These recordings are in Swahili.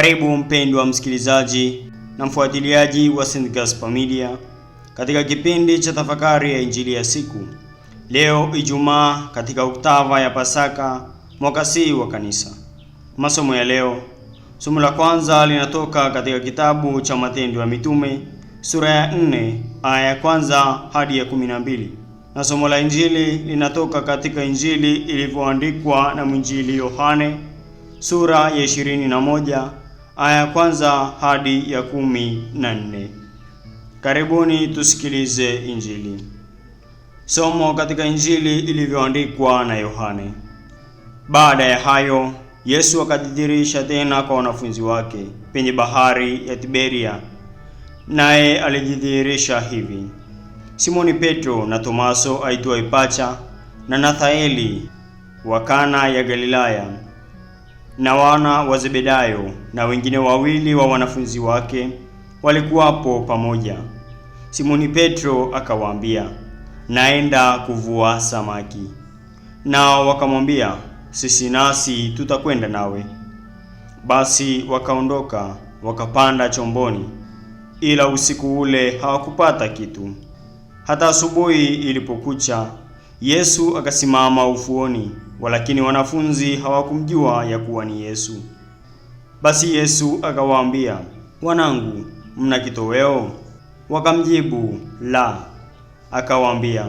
Karibu mpendwa msikilizaji na mfuatiliaji wa St. Gaspar Media katika kipindi cha tafakari ya injili ya siku leo Ijumaa, katika oktava ya Pasaka mwaka C wa Kanisa. Masomo ya leo, somo la kwanza linatoka katika kitabu cha Matendo ya Mitume sura ya 4 aya ya kwanza hadi ya 12 na somo la injili linatoka katika Injili ilivyoandikwa na mwinjili Yohane sura ya 21 aya ya kwanza hadi ya kumi na nne. Karibuni tusikilize Injili. Somo katika Injili ilivyoandikwa na Yohane. Baada ya hayo, Yesu akajidhihirisha tena kwa wanafunzi wake penye bahari ya Tiberia, naye alijidhihirisha hivi: Simoni Petro na Tomaso aitwaye Pacha na Nathaeli wa Kana ya Galilaya na wana wa Zebedayo na wengine wawili wa wanafunzi wake walikuwapo pamoja. Simoni Petro akawaambia, naenda kuvua samaki. Nao wakamwambia, sisi nasi tutakwenda nawe. Basi wakaondoka wakapanda chomboni, ila usiku ule hawakupata kitu. Hata asubuhi ilipokucha Yesu akasimama ufuoni, walakini wanafunzi hawakumjua ya kuwa ni Yesu. Basi Yesu akawaambia, wanangu, mna kitoweo? Wakamjibu, la. Akawaambia,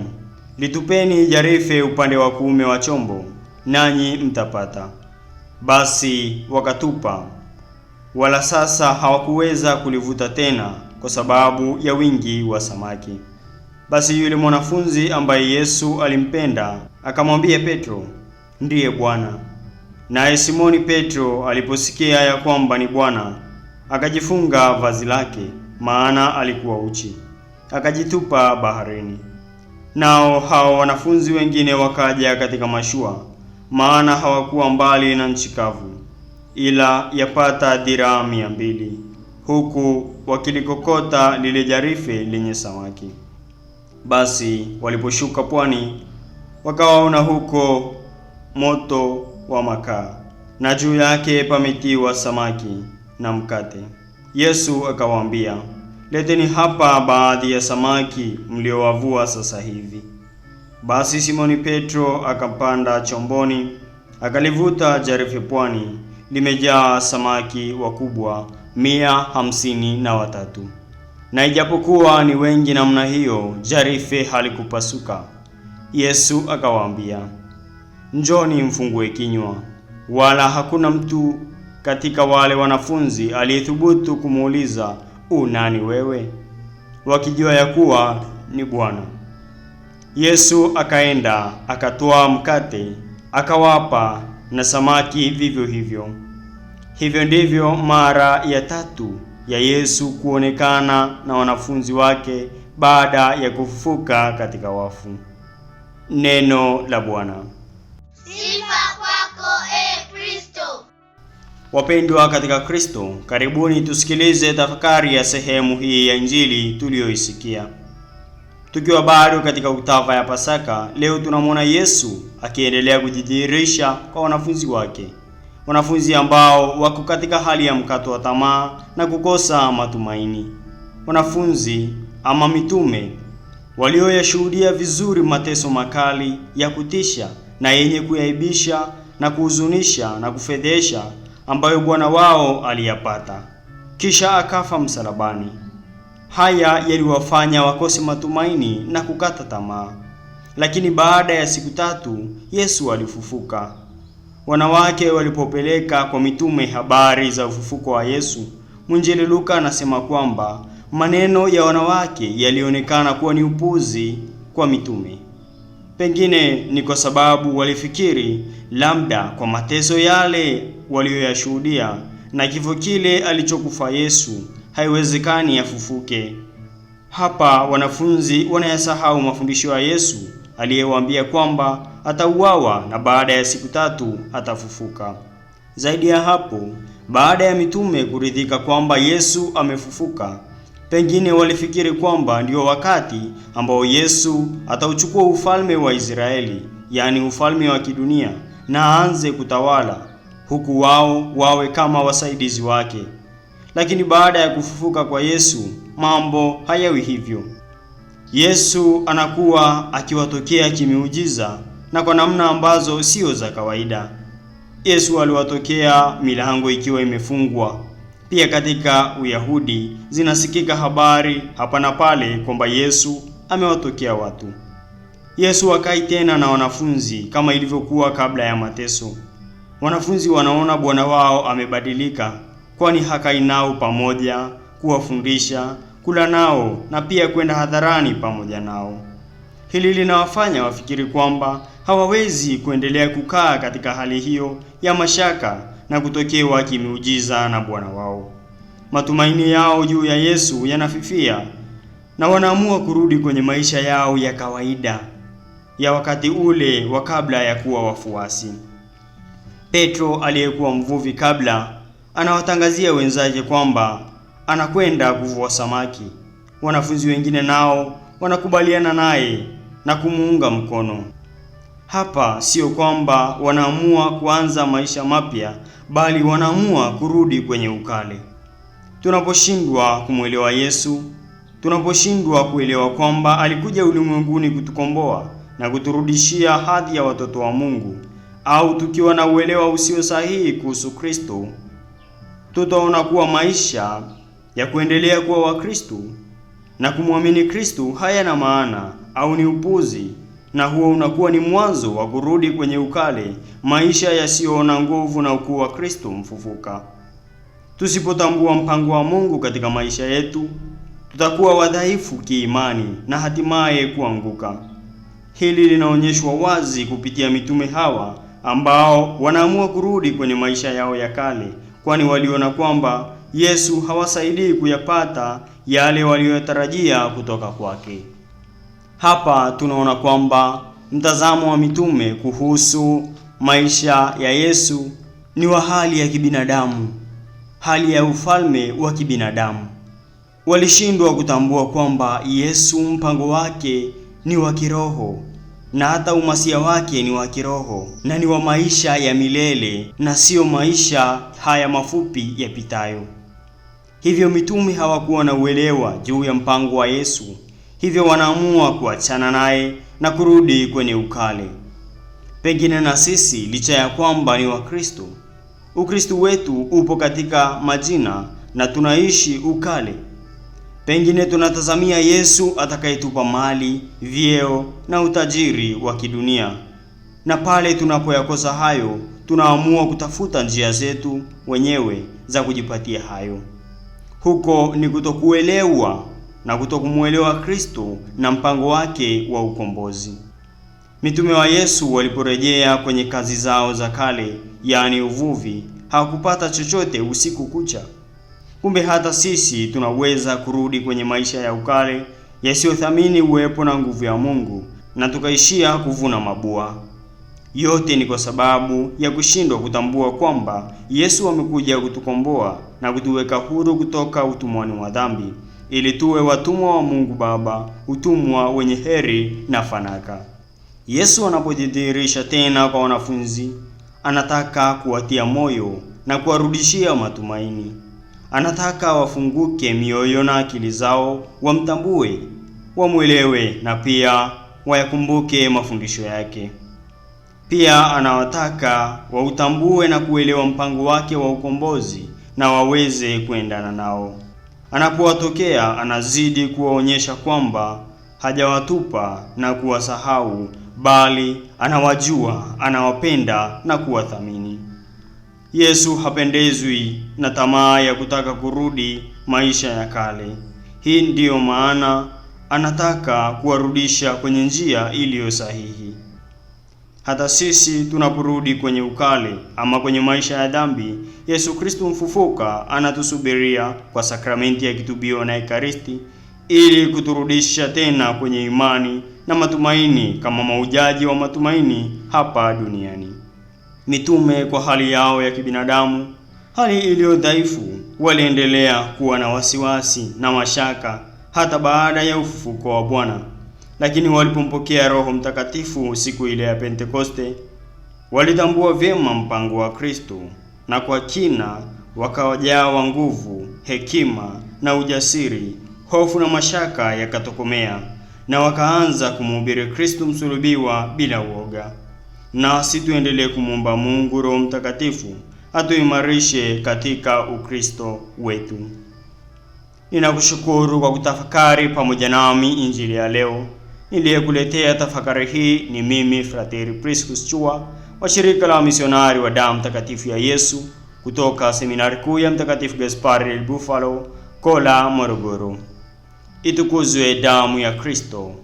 litupeni jarife upande wa kuume wa chombo, nanyi mtapata. Basi wakatupa, wala sasa hawakuweza kulivuta tena kwa sababu ya wingi wa samaki. Basi yule mwanafunzi ambaye Yesu alimpenda akamwambia Petro, ndiye Bwana. Naye Simoni Petro aliposikia ya kwamba ni Bwana, akajifunga vazi lake, maana alikuwa uchi, akajitupa baharini. Nao hao wanafunzi wengine wakaja katika mashua, maana hawakuwa mbali na nchi kavu, ila yapata dhiraa mia mbili, huku wakilikokota lile jarife lenye samaki. Basi waliposhuka pwani, wakawaona huko moto wa makaa, na juu yake pametiwa samaki na mkate. Yesu akawaambia, leteni hapa baadhi ya samaki mliowavua sasa hivi. Basi Simoni Petro akapanda chomboni, akalivuta jarife pwani, limejaa samaki wakubwa mia hamsini na watatu na ijapokuwa ni wengi namna hiyo, jarife halikupasuka. Yesu akawaambia, njoni mfungue kinywa. Wala hakuna mtu katika wale wanafunzi aliyethubutu kumuuliza unani wewe, wakijua ya kuwa ni Bwana. Yesu akaenda akatwaa mkate akawapa, na samaki vivyo hivyo. Hivyo ndivyo mara ya tatu ya Yesu kuonekana na wanafunzi wake baada ya kufufuka katika wafu. Neno la Bwana. Sifa kwako e Kristo. Wapendwa katika Kristo, karibuni tusikilize tafakari ya sehemu hii ya Injili tuliyoisikia. Tukiwa bado katika oktava ya Pasaka, leo tunamwona Yesu akiendelea kujidhihirisha kwa wanafunzi wake wanafunzi ambao wako katika hali ya mkato wa tamaa na kukosa matumaini, wanafunzi ama mitume walioyashuhudia vizuri mateso makali ya kutisha na yenye kuyaibisha na kuhuzunisha na kufedhesha ambayo Bwana wao aliyapata kisha akafa msalabani. Haya yaliwafanya wakose matumaini na kukata tamaa, lakini baada ya siku tatu Yesu alifufuka wanawake walipopeleka kwa mitume habari za ufufuko wa Yesu, mwinjili Luka anasema kwamba maneno ya wanawake yalionekana kuwa ni upuzi kwa mitume. Pengine ni kwa sababu walifikiri labda kwa mateso yale waliyoyashuhudia na kifo kile alichokufa Yesu, haiwezekani afufuke. Hapa wanafunzi wanayasahau mafundisho ya Yesu aliyewaambia kwamba atauawa na baada ya siku tatu atafufuka. Zaidi ya hapo, baada ya mitume kuridhika kwamba Yesu amefufuka, pengine walifikiri kwamba ndio wakati ambao Yesu atauchukua ufalme wa Israeli, yaani ufalme wa kidunia na aanze kutawala, huku wao wawe kama wasaidizi wake. Lakini baada ya kufufuka kwa Yesu, mambo hayawi hivyo. Yesu anakuwa akiwatokea kimiujiza na kwa namna ambazo sio za kawaida. Yesu aliwatokea milango ikiwa imefungwa. Pia katika Uyahudi zinasikika habari hapa na pale kwamba Yesu amewatokea watu. Yesu akai tena na wanafunzi kama ilivyokuwa kabla ya mateso. Wanafunzi wanaona bwana wao amebadilika, kwani hakai nao pamoja kuwafundisha, kula nao na pia kwenda hadharani pamoja nao. Hili linawafanya wafikiri kwamba hawawezi kuendelea kukaa katika hali hiyo ya mashaka na kutokewa kimiujiza na Bwana wao. Matumaini yao juu ya Yesu yanafifia na wanaamua kurudi kwenye maisha yao ya kawaida ya wakati ule wa kabla ya kuwa wafuasi. Petro aliyekuwa mvuvi kabla anawatangazia wenzake kwamba anakwenda kuvua samaki. Wanafunzi wengine nao wanakubaliana naye na kumuunga mkono. Hapa sio kwamba wanaamua kuanza maisha mapya, bali wanaamua kurudi kwenye ukale. Tunaposhindwa kumwelewa Yesu, tunaposhindwa kuelewa kwamba alikuja ulimwenguni kutukomboa na kuturudishia hadhi ya watoto wa Mungu, au tukiwa na uelewa usio sahihi kuhusu Kristo, tutaona kuwa maisha ya kuendelea kuwa Wakristo na kumwamini Kristo hayana maana au ni upuzi na huo unakuwa ni mwanzo wa kurudi kwenye ukale, maisha yasiyoona nguvu na ukuu wa Kristo mfufuka. Tusipotambua mpango wa Mungu katika maisha yetu, tutakuwa wadhaifu kiimani na hatimaye kuanguka. Hili linaonyeshwa wazi kupitia mitume hawa ambao wanaamua kurudi kwenye maisha yao ya kale, kwani waliona kwamba Yesu hawasaidii kuyapata yale waliyotarajia kutoka kwake. Hapa tunaona kwamba mtazamo wa mitume kuhusu maisha ya Yesu ni wa hali ya kibinadamu, hali ya ufalme wa kibinadamu. Walishindwa kutambua kwamba Yesu mpango wake ni wa kiroho na hata umasia wake ni wa kiroho na ni wa maisha ya milele na siyo maisha haya mafupi yapitayo. Hivyo mitume hawakuwa na uelewa juu ya mpango wa Yesu hivyo wanaamua kuachana naye na kurudi kwenye ukale. Pengine na sisi, licha ya kwamba ni Wakristo, Ukristo wetu upo katika majina na tunaishi ukale. Pengine tunatazamia Yesu atakayetupa mali, vyeo na utajiri wa kidunia, na pale tunapoyakosa hayo, tunaamua kutafuta njia zetu wenyewe za kujipatia hayo. Huko ni kutokuelewa na kutokumuelewa Kristo na mpango wake wa ukombozi. Mitume wa Yesu waliporejea kwenye kazi zao za kale, yaani uvuvi, hawakupata chochote usiku kucha. Kumbe hata sisi tunaweza kurudi kwenye maisha ya ukale yasiyothamini uwepo na nguvu ya Mungu na tukaishia kuvuna mabua. Yote ni kwa sababu ya kushindwa kutambua kwamba Yesu amekuja kutukomboa na kutuweka huru kutoka utumwani wa dhambi ili tuwe watumwa wa Mungu Baba, utumwa wenye heri na fanaka. Yesu anapojidhihirisha tena kwa wanafunzi, anataka kuwatia moyo na kuwarudishia matumaini. Anataka wafunguke mioyo na akili zao, wamtambue, wamwelewe na pia wayakumbuke mafundisho yake. Pia anawataka wautambue na kuelewa mpango wake wa ukombozi na waweze kuendana nao. Anapowatokea anazidi kuwaonyesha kwamba hajawatupa na kuwasahau, bali anawajua, anawapenda na kuwathamini. Yesu hapendezwi na tamaa ya kutaka kurudi maisha ya kale. Hii ndiyo maana anataka kuwarudisha kwenye njia iliyo sahihi. Hata sisi tunaporudi kwenye ukale ama kwenye maisha ya dhambi, Yesu Kristo mfufuka anatusubiria kwa sakramenti ya kitubio na Ekaristi ili kuturudisha tena kwenye imani na matumaini kama maujaji wa matumaini hapa duniani. Mitume kwa hali yao ya kibinadamu, hali iliyo dhaifu, waliendelea kuwa na wasiwasi na mashaka hata baada ya ufufuko wa Bwana lakini walipompokea Roho Mtakatifu siku ile ya Pentekoste, walitambua vyema mpango wa Kristo na kwa kina wakawajawa nguvu, hekima na ujasiri, hofu na mashaka yakatokomea, na wakaanza kumhubiri Kristo msulubiwa bila uoga. Nasi tuendelee kumwomba Mungu Roho Mtakatifu atuimarishe katika Ukristo wetu. Ninakushukuru kwa kutafakari pamoja nami Injili ya leo. Niliyekuletea tafakari hii ni mimi Frateri Priscus Chua wa shirika la wamisionari wa damu takatifu ya Yesu kutoka seminari kuu ya Mtakatifu Gaspari del Bufalo, Kola, Morogoro. Itukuzwe damu ya Kristo!